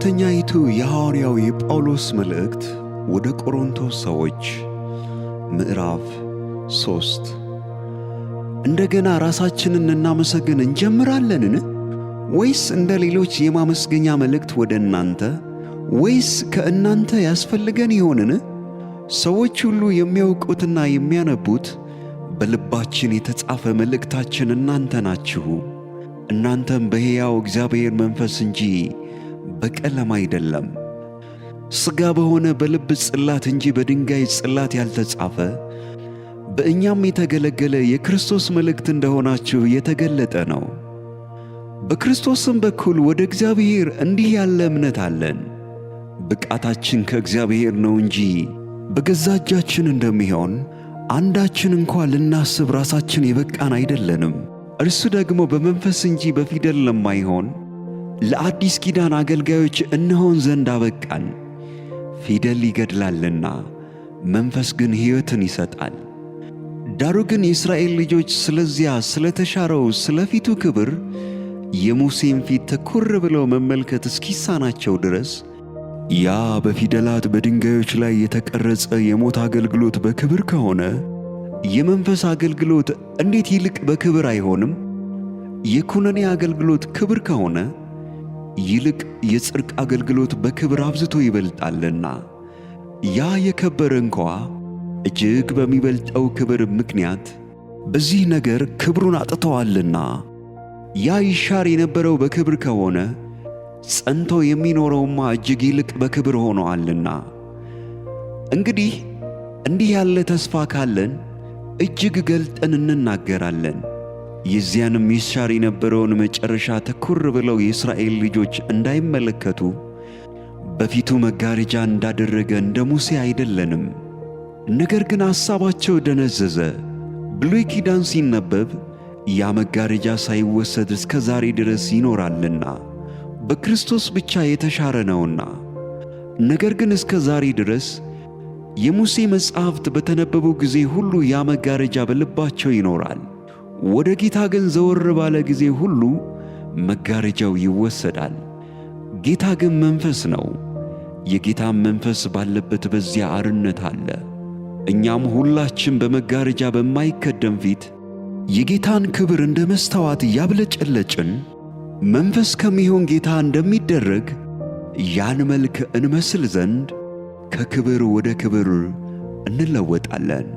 ሁለተኛይቱ የሐዋርያው የጳውሎስ መልእክት ወደ ቆሮንቶስ ሰዎች ምዕራፍ ሶስት እንደገና ራሳችንን እናመሰግን እንጀምራለንን? ወይስ እንደ ሌሎች የማመስገኛ መልእክት ወደ እናንተ ወይስ ከእናንተ ያስፈልገን ይሆንን? ሰዎች ሁሉ የሚያውቁትና የሚያነቡት በልባችን የተጻፈ መልእክታችን እናንተ ናችሁ። እናንተም በሕያው እግዚአብሔር መንፈስ እንጂ በቀለም አይደለም፣ ሥጋ በሆነ በልብ ጽላት እንጂ በድንጋይ ጽላት ያልተጻፈ በእኛም የተገለገለ የክርስቶስ መልእክት እንደሆናችሁ የተገለጠ ነው። በክርስቶስም በኩል ወደ እግዚአብሔር እንዲህ ያለ እምነት አለን። ብቃታችን ከእግዚአብሔር ነው እንጂ በገዛ እጃችን እንደሚሆን አንዳችን እንኳ ልናስብ ራሳችን የበቃን አይደለንም። እርሱ ደግሞ በመንፈስ እንጂ በፊደል ለማይሆን ለአዲስ ኪዳን አገልጋዮች እንሆን ዘንድ አበቃን። ፊደል ይገድላልና መንፈስ ግን ሕይወትን ይሰጣል። ዳሩ ግን የእስራኤል ልጆች ስለዚያ ስለተሻረው ስለ ፊቱ ክብር የሙሴን ፊት ትኩር ብለው መመልከት እስኪሳናቸው ድረስ ያ በፊደላት በድንጋዮች ላይ የተቀረጸ የሞት አገልግሎት በክብር ከሆነ የመንፈስ አገልግሎት እንዴት ይልቅ በክብር አይሆንም? የኩነኔ አገልግሎት ክብር ከሆነ ይልቅ የጽድቅ አገልግሎት በክብር አብዝቶ ይበልጣልና። ያ የከበረ እንኳ እጅግ በሚበልጠው ክብር ምክንያት በዚህ ነገር ክብሩን አጥተዋልና። ያ ይሻር የነበረው በክብር ከሆነ ጸንቶ የሚኖረውማ እጅግ ይልቅ በክብር ሆኖአልና። እንግዲህ እንዲህ ያለ ተስፋ ካለን እጅግ ገልጠን እንናገራለን። የዚያንም ይሻር የነበረውን መጨረሻ ተኩር ብለው የእስራኤል ልጆች እንዳይመለከቱ በፊቱ መጋረጃ እንዳደረገ እንደ ሙሴ አይደለንም። ነገር ግን ሐሳባቸው ደነዘዘ። ብሉይ ኪዳን ሲነበብ ያ መጋረጃ ሳይወሰድ እስከ ዛሬ ድረስ ይኖራልና በክርስቶስ ብቻ የተሻረ ነውና። ነገር ግን እስከ ዛሬ ድረስ የሙሴ መጻሕፍት በተነበቡ ጊዜ ሁሉ ያ መጋረጃ በልባቸው ይኖራል። ወደ ጌታ ግን ዘወር ባለ ጊዜ ሁሉ መጋረጃው ይወሰዳል። ጌታ ግን መንፈስ ነው፣ የጌታም መንፈስ ባለበት በዚያ አርነት አለ። እኛም ሁላችን በመጋረጃ በማይከደን ፊት የጌታን ክብር እንደ መስተዋት እያብለጨለጭን መንፈስ ከሚሆን ጌታ እንደሚደረግ ያን መልክ እንመስል ዘንድ ከክብር ወደ ክብር እንለወጣለን።